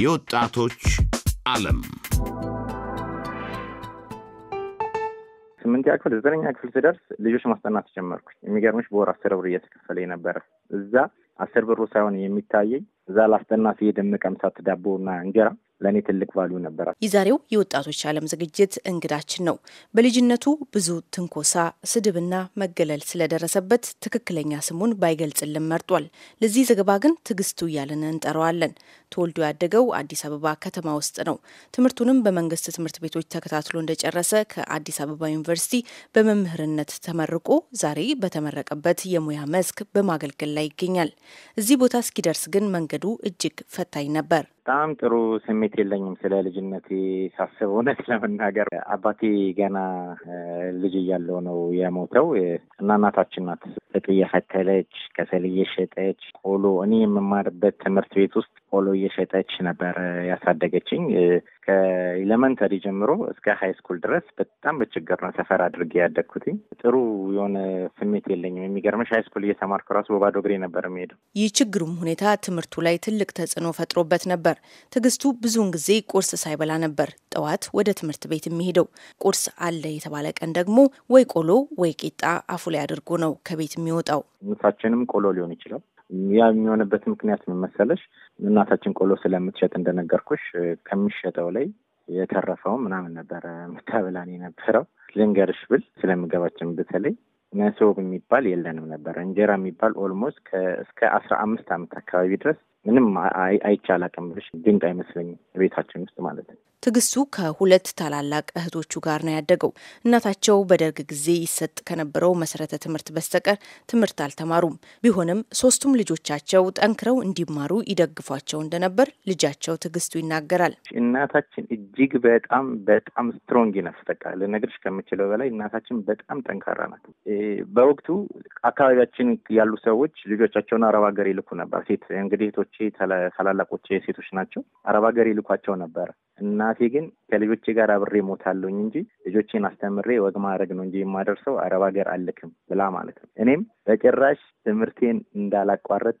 የወጣቶች ዓለም ስምንተኛ ክፍል ዘጠነኛ ክፍል ስደርስ ልጆች ማስጠናት ጀመርኩኝ። የሚገርምሽ በወር አስር ብር እየተከፈለ ነበረ። እዛ አስር ብሩ ሳይሆን የሚታየኝ እዛ ላስጠና ሲሄድ የምቀምሳት እና እንጀራ ለእኔ ትልቅ ቫሊዩ ነበራት። የዛሬው የወጣቶች ዓለም ዝግጅት እንግዳችን ነው። በልጅነቱ ብዙ ትንኮሳ፣ ስድብና መገለል ስለደረሰበት ትክክለኛ ስሙን ባይገልጽልን መርጧል። ለዚህ ዘገባ ግን ትዕግስቱ እያለን እንጠራዋለን። ተወልዶ ያደገው አዲስ አበባ ከተማ ውስጥ ነው። ትምህርቱንም በመንግስት ትምህርት ቤቶች ተከታትሎ እንደጨረሰ ከአዲስ አበባ ዩኒቨርሲቲ በመምህርነት ተመርቆ ዛሬ በተመረቀበት የሙያ መስክ በማገልገል ላይ ይገኛል። እዚህ ቦታ እስኪደርስ ግን መንገዱ እጅግ ፈታኝ ነበር። በጣም ጥሩ ስሜት የለኝም ስለ ልጅነቴ ሳስብ። እውነት ለመናገር አባቴ ገና ልጅ እያለው ነው የሞተው እና እናታችን ናት ጥጥ እየፈተለች ከሰል እየሸጠች ቆሎ፣ እኔ የምማርበት ትምህርት ቤት ውስጥ ቆሎ እየሸጠች ነበር ያሳደገችኝ። ከኤሌመንተሪ ጀምሮ እስከ ሀይ ስኩል ድረስ በጣም በችግር ነው ሰፈር አድርጌ ያደግኩትኝ። ጥሩ የሆነ ስሜት የለኝም። የሚገርመሽ ሀይ ስኩል እየተማርኩ ራሱ በባዶ እግሬ ነበር የሚሄደው። ይህ ችግሩም ሁኔታ ትምህርቱ ላይ ትልቅ ተጽዕኖ ፈጥሮበት ነበር። ትዕግስቱ ብዙውን ጊዜ ቁርስ ሳይበላ ነበር ጠዋት ወደ ትምህርት ቤት የሚሄደው። ቁርስ አለ የተባለ ቀን ደግሞ ወይ ቆሎ ወይ ቂጣ አፉ ላይ አድርጎ ነው ከቤት የሚወጣው። ምሳችንም ቆሎ ሊሆን ይችላል። ያ የሚሆንበት ምክንያት ምን እናታችን ቆሎ ስለምትሸጥ እንደነገርኩሽ ከሚሸጠው ላይ የተረፈው ምናምን ነበረ ምታበላን የነበረው ልንገርሽ ብል ስለምገባችን በተለይ መሶብ የሚባል የለንም ነበረ። እንጀራ የሚባል ኦልሞስት እስከ አስራ አምስት ዓመት አካባቢ ድረስ ምንም አይቻል አቅም ብልሽ ድንቅ አይመስለኝም ቤታችን ውስጥ ማለት ነው። ትዕግስቱ ከሁለት ታላላቅ እህቶቹ ጋር ነው ያደገው። እናታቸው በደርግ ጊዜ ይሰጥ ከነበረው መሰረተ ትምህርት በስተቀር ትምህርት አልተማሩም። ቢሆንም ሶስቱም ልጆቻቸው ጠንክረው እንዲማሩ ይደግፏቸው እንደነበር ልጃቸው ትግስቱ ይናገራል። እናታችን እጅግ በጣም በጣም ስትሮንግ ይናፍጠቃ ልነግርሽ ከምችለው በላይ እናታችን በጣም ጠንካራ ናት። በወቅቱ አካባቢያችን ያሉ ሰዎች ልጆቻቸውን አረብ ሀገር ይልኩ ነበር። ሴት እንግዲህ እህቶቼ ታላላቆቼ ሴቶች ናቸው። አረብ ሀገር ይልኳቸው ነበር እናቴ ግን ከልጆቼ ጋር አብሬ ሞታለሁኝ እንጂ ልጆቼን አስተምሬ ወግ ማድረግ ነው እንጂ የማደርሰው አረብ ሀገር አልክም ብላ ማለት ነው። እኔም በጭራሽ ትምህርቴን እንዳላቋረጥ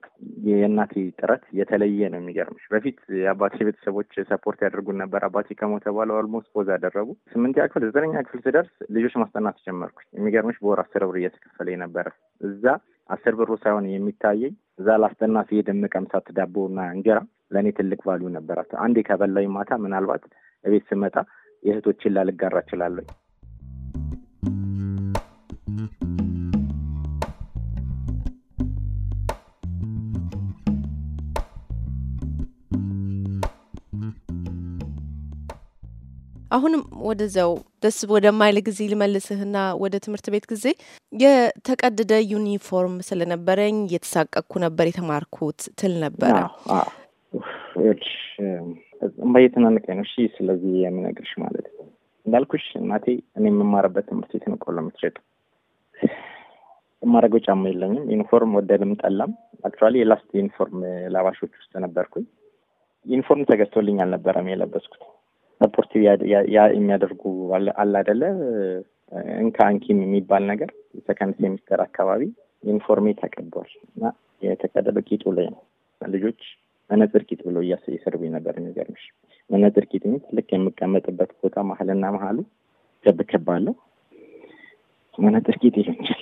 የእናቴ ጥረት የተለየ ነው። የሚገርምሽ በፊት የአባቴ ቤተሰቦች ሰፖርት ያደርጉን ነበር። አባቴ ከሞተ በኋላ ኦልሞስት ፖዝ አደረጉ። ስምንተኛ ክፍል ዘጠነኛ ክፍል ስደርስ ልጆች ማስጠናት ጀመርኩኝ። የሚገርምሽ በወር አስር ብር እየተከፈለ ነበረ እዛ አስር ብሩ ሳይሆን የሚታየኝ እዛ ላስጠና ሲሄድ የምቀምሳት ዳቦና እንጀራ ለእኔ ትልቅ ቫሊዩ ነበራቸው አንዴ ከበላዊ ማታ ምናልባት እቤት ስመጣ የእህቶችን ላልጋራ እችላለሁ። አሁንም ወደዚያው ደስ ወደማይል ጊዜ ልመልስህና ወደ ትምህርት ቤት ጊዜ የተቀደደ ዩኒፎርም ስለነበረኝ እየተሳቀቅኩ ነበር የተማርኩት ትል ነበረ። ሰዎች እምባዬ ተናነቀኝ ነው። እሺ ስለዚህ የምነግርሽ ማለት እንዳልኩሽ እናቴ እኔ የምማርበት ትምህርት ቤት ንቆ ለምትሸጥ የማደርገው ጫማ የለኝም። ዩኒፎርም ወደድም ጠላም አክቹዋሊ የላስት ዩኒፎርም ላባሾች ውስጥ ነበርኩኝ። ዩኒፎርም ተገዝቶልኝ አልነበረም የለበስኩት። ሰፖርት የሚያደርጉ አላደለ አይደለ እንካ አንኪም የሚባል ነገር ሰከንድ ሴሚስተር አካባቢ ዩኒፎርሜ ተቀዷል እና የተቀደደ ቂጡ ላይ ነው ልጆች መነጽር ቂጥ ብሎ እያሰሩብኝ ነበር። የሚገርምሽ መነጽር ቂጥ ሚት ልክ የምቀመጥበት ቦታ መሀልና መሀሉ ከብ ከብ አለው። መነጽር ቂጥ ይሉኛል።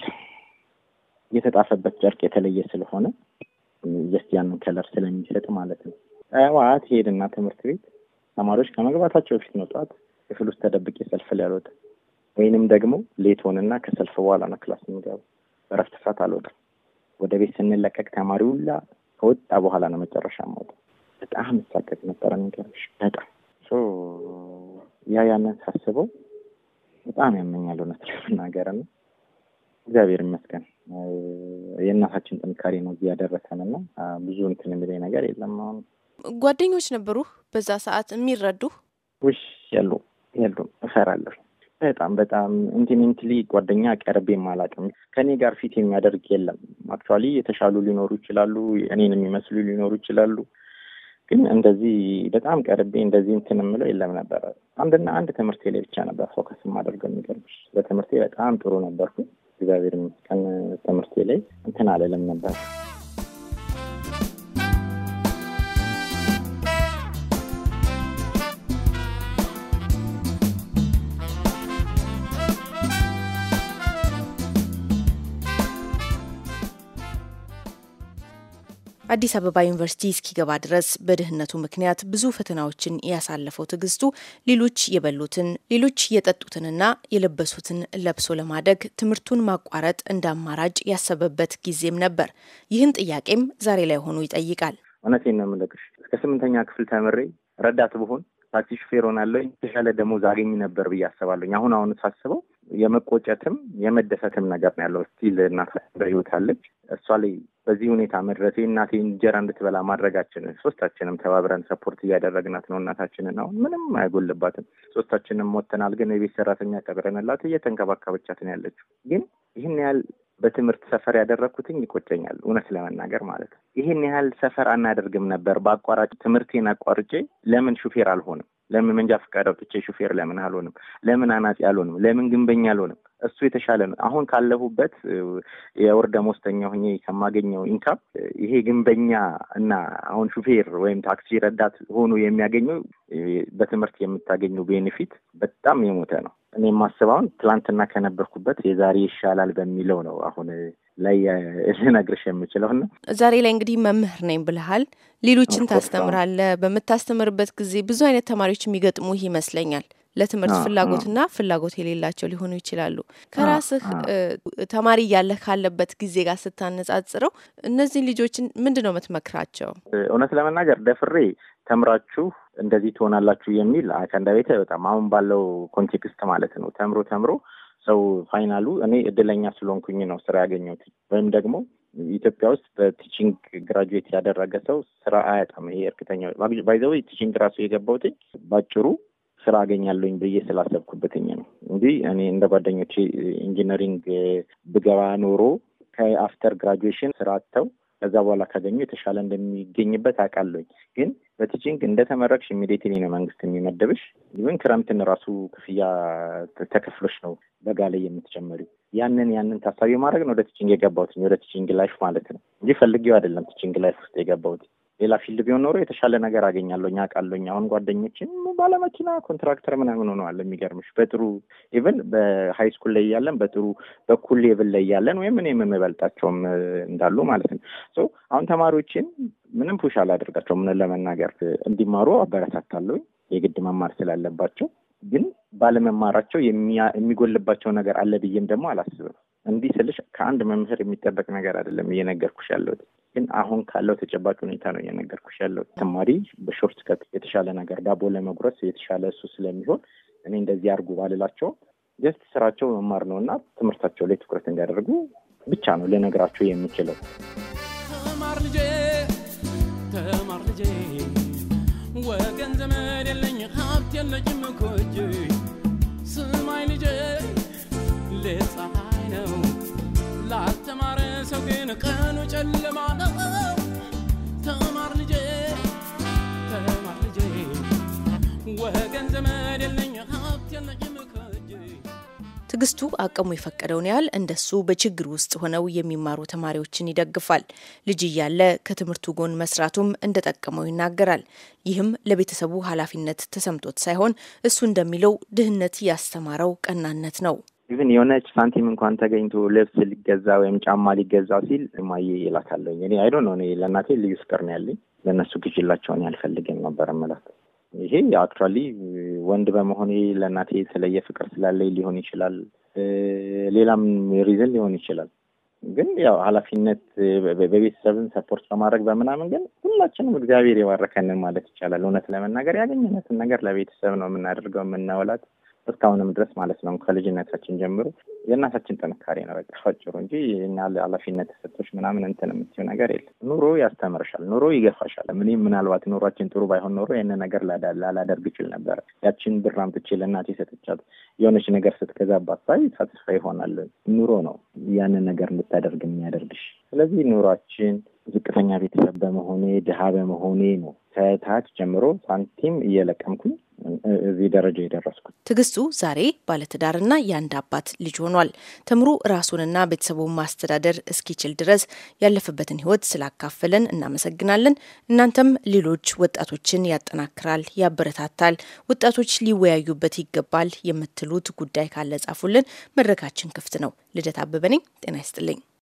የተጣፈበት ጨርቅ የተለየ ስለሆነ ጀስት ያንን ከለር ስለሚሰጥ ማለት ነው። ጠዋት ሄድና ትምህርት ቤት ተማሪዎች ከመግባታቸው በፊት ነው። ጠዋት ክፍል ውስጥ ተደብቄ ሰልፍ ላይ ወይንም ደግሞ ሌት ከሰልፍ በኋላ ነው ክላስ የሚገቡ። በረፍት ሰዓት አልወጣም። ወደ ቤት ስንለቀቅ ተማሪ ሁላ ከወጣ በኋላ ነው መጨረሻ ማወቅ። በጣም እሳቀቅ ነበረ ነገሮች በጣም ያ ያንን ሳስበው በጣም ያመኛል እውነት ለመናገር ነው። እግዚአብሔር ይመስገን የእናታችን ጥንካሬ ነው እዚህ ያደረሰን እና ብዙ እንትን የሚለኝ ነገር የለም። አሁን ጓደኞች ነበሩ በዛ ሰዓት የሚረዱ ውሽ የሉ የሉም። እፈራለሁ በጣም በጣም ኢንቲሜንትሊ ጓደኛ ቀርቤ አላውቅም። ከእኔ ጋር ፊት የሚያደርግ የለም። አክቹዋሊ የተሻሉ ሊኖሩ ይችላሉ፣ እኔን የሚመስሉ ሊኖሩ ይችላሉ። ግን እንደዚህ በጣም ቀርቤ እንደዚህ እንትን የምለው የለም ነበረ። አንድና አንድ ትምህርቴ ላይ ብቻ ነበር ፎከስ የማደርገው። የሚገርምሽ በትምህርቴ በጣም ጥሩ ነበርኩ። እግዚአብሔር ይመስገን ትምህርቴ ላይ እንትን አልልም ነበር። አዲስ አበባ ዩኒቨርሲቲ እስኪገባ ድረስ በድህነቱ ምክንያት ብዙ ፈተናዎችን ያሳለፈው ትዕግስቱ ሌሎች የበሉትን ሌሎች የጠጡትንና የለበሱትን ለብሶ ለማደግ ትምህርቱን ማቋረጥ እንደ አማራጭ ያሰበበት ጊዜም ነበር። ይህን ጥያቄም ዛሬ ላይ ሆኖ ይጠይቃል። እውነቴን ነው የምነግርሽ። እስከ ስምንተኛ ክፍል ተምሬ ረዳት ብሆን ታክሲ ሹፌር ሆናለሁ የተሻለ ደሞዝ አገኝ ነበር ብዬ አስባለሁኝ። አሁን አሁን ሳስበው የመቆጨትም የመደሰትም ነገር ነው ያለው። ስቲል እናት በህይወት አለች። እሷ ላይ በዚህ ሁኔታ መድረሴ እናቴ እንጀራ እንድትበላ ማድረጋችንን ሶስታችንም ተባብረን ሰፖርት እያደረግናት ነው። እናታችንን አሁን ምንም አይጎልባትም። ሶስታችንም ሞተናል፣ ግን የቤት ሰራተኛ ቀጥረንላት እየተንከባከበቻት ነው ያለችው። ግን ይህን ያህል በትምህርት ሰፈር ያደረግኩትኝ ይቆጨኛል፣ እውነት ለመናገር ማለት ነው። ይህን ያህል ሰፈር አናደርግም ነበር። በአቋራጭ ትምህርቴን አቋርጬ ለምን ሹፌር አልሆንም? ለምን መንጃ ፈቃድ አውጥቼ ሹፌር ለምን አልሆንም? ለምን አናጺ አልሆንም? ለምን ግንበኛ አልሆንም? እሱ የተሻለ ነው። አሁን ካለሁበት የወር ደመወዝተኛ ሆኜ ከማገኘው ኢንካም ይሄ ግንበኛ እና አሁን ሹፌር ወይም ታክሲ ረዳት ሆኖ የሚያገኘው በትምህርት የምታገኘው ቤኔፊት በጣም የሞተ ነው። እኔ የማስብ አሁን ትላንትና ከነበርኩበት የዛሬ ይሻላል በሚለው ነው አሁን ላይ ልነግርሽ የምችለው እና ዛሬ ላይ እንግዲህ መምህር ነኝ ብልሃል፣ ሌሎችን ታስተምራለ። በምታስተምርበት ጊዜ ብዙ አይነት ተማሪዎች የሚገጥሙ ይመስለኛል ለትምህርት ፍላጎትና ፍላጎት የሌላቸው ሊሆኑ ይችላሉ። ከራስህ ተማሪ እያለህ ካለበት ጊዜ ጋር ስታነጻጽረው እነዚህን ልጆችን ምንድን ነው የምትመክራቸው? እውነት ለመናገር ደፍሬ ተምራችሁ እንደዚህ ትሆናላችሁ የሚል ከእንደ ቤተ በጣም አሁን ባለው ኮንቴክስት ማለት ነው። ተምሮ ተምሮ ሰው ፋይናሉ እኔ እድለኛ ስለሆንኩኝ ነው ስራ ያገኘሁት ወይም ደግሞ ኢትዮጵያ ውስጥ በቲችንግ ግራጁዌት ያደረገ ሰው ስራ አያጣም። ይሄ እርግጠኛ ባይዘወ ቲችንግ ራሱ የገባሁትኝ ባጭሩ ስራ አገኛለሁኝ ብዬ ስላሰብኩበትኝ ነው እንጂ እኔ እንደ ጓደኞቼ ኢንጂነሪንግ ብገባ ኖሮ ከአፍተር ግራጁዌሽን ስራ አጥተው ከዛ በኋላ ካገኙ የተሻለ እንደሚገኝበት አውቃለሁኝ። ግን በቲችንግ እንደተመረቅሽ ኢሚዲየትሊ ነው መንግስት የሚመደብሽ። ይህን ክረምትን ራሱ ክፍያ ተከፍሎች ነው በጋ ላይ የምትጨመሪው። ያንን ያንን ታሳቢ ማድረግ ነው ወደ ቲችንግ የገባሁት ወደ ቲችንግ ላይፍ ማለት ነው እንጂ ፈልጌው አይደለም ቲችንግ ላይፍ ውስጥ የገባሁት። ሌላ ፊልድ ቢሆን ኖሮ የተሻለ ነገር አገኛለሁኝ አውቃለሁኝ። አሁን ጓደኞችን ባለመኪና ኮንትራክተር ምናምን ሆነዋል። የሚገርምሽ በጥሩ ኢቨን በሀይ ስኩል ላይ እያለን በጥሩ በኩል ሌቭል ላይ እያለን ወይም እኔም የምበልጣቸውም እንዳሉ ማለት ነው። አሁን ተማሪዎችን ምንም ፑሽ አላደርጋቸው ምን ለመናገር እንዲማሩ አበረታታለሁኝ። የግድ መማር ስላለባቸው ግን ባለመማራቸው የሚጎልባቸው ነገር አለ ብዬም ደግሞ አላስብም። እንዲህ ስልሽ ከአንድ መምህር የሚጠበቅ ነገር አይደለም እየነገርኩሽ ያለሁት ግን አሁን ካለው ተጨባጭ ሁኔታ ነው እየነገርኩሽ ያለው። ተማሪ በሾርት ከት የተሻለ ነገር ዳቦ ለመጉረስ የተሻለ እሱ ስለሚሆን እኔ እንደዚህ አድርጉ ባልላቸው ጀስት ስራቸው መማር ነው እና ትምህርታቸው ላይ ትኩረት እንዲያደርጉ ብቻ ነው ልነግራቸው የምችለው። ተማር ልጄ፣ ተማር ልጄ፣ ወገን ዘመድ የለኝ ሀብት የለጭም ኮጅ ቀኑ ጨለማ ነው። ተማር ልጄ ተማር ልጄ ወገን ዘመድ የለኝ ሀብት ትግስቱ አቅሙ የፈቀደውን ያህል እንደሱ በችግር ውስጥ ሆነው የሚማሩ ተማሪዎችን ይደግፋል። ልጅ እያለ ከትምህርቱ ጎን መስራቱም እንደጠቀመው ይናገራል። ይህም ለቤተሰቡ ኃላፊነት ተሰምቶት ሳይሆን እሱ እንደሚለው ድህነት ያስተማረው ቀናነት ነው። ኢቭን የሆነች ሳንቲም እንኳን ተገኝቶ ልብስ ሊገዛ ወይም ጫማ ሊገዛ ሲል ማየ ይላካለኝ። እኔ አይዶ ነው እኔ ለእናቴ ልዩ ፍቅር ነው ያለኝ። ለእነሱ ግዥላቸውን ያልፈልገኝ ነበር ምላት። ይሄ አክቹዋሊ ወንድ በመሆኔ ለእናቴ የተለየ ፍቅር ስላለኝ ሊሆን ይችላል። ሌላም ሪዝን ሊሆን ይችላል። ግን ያው ኃላፊነት በቤተሰብን ሰፖርት በማድረግ በምናምን ግን ሁላችንም እግዚአብሔር የባረከንን ማለት ይቻላል። እውነት ለመናገር ያገኘነትን ነገር ለቤተሰብ ነው የምናደርገው የምናውላት እስካሁንም ድረስ ማለት ነው ከልጅነታችን ጀምሮ የእናታችን ጥንካሬ ነው። በቃ ፈጭሩ እንጂ እና ኃላፊነት ተሰጥቶሽ ምናምን እንትን የምትይው ነገር የለም። ኑሮ ያስተምርሻል፣ ኑሮ ይገፋሻል። ምን ምናልባት ኑሯችን ጥሩ ባይሆን ኖሮ ይህን ነገር ላላደርግ ይችል ነበረ። ያችን ብር አምጥቼ ለእናቴ ሰጥቻት የሆነች ነገር ስትገዛባት ሳይ ተስፋ ይሆናል። ኑሮ ነው ያንን ነገር እንድታደርግ የሚያደርግሽ። ስለዚህ ኑሯችን ዝቅተኛ ቤተሰብ በመሆኔ ድሃ በመሆኔ ነው ከታች ጀምሮ ሳንቲም እየለቀምኩኝ እዚህ ደረጃ የደረስኩት። ትግስቱ ዛሬ ባለትዳርና የአንድ አባት ልጅ ሆኗል። ተምሩ ራሱንና ቤተሰቡን ማስተዳደር እስኪችል ድረስ ያለፈበትን ህይወት ስላካፈለን እናመሰግናለን። እናንተም ሌሎች ወጣቶችን ያጠናክራል፣ ያበረታታል፣ ወጣቶች ሊወያዩበት ይገባል የምትሉት ጉዳይ ካለ ጻፉልን። መድረካችን ክፍት ነው። ልደት አበበ ነኝ። ጤና ይስጥልኝ።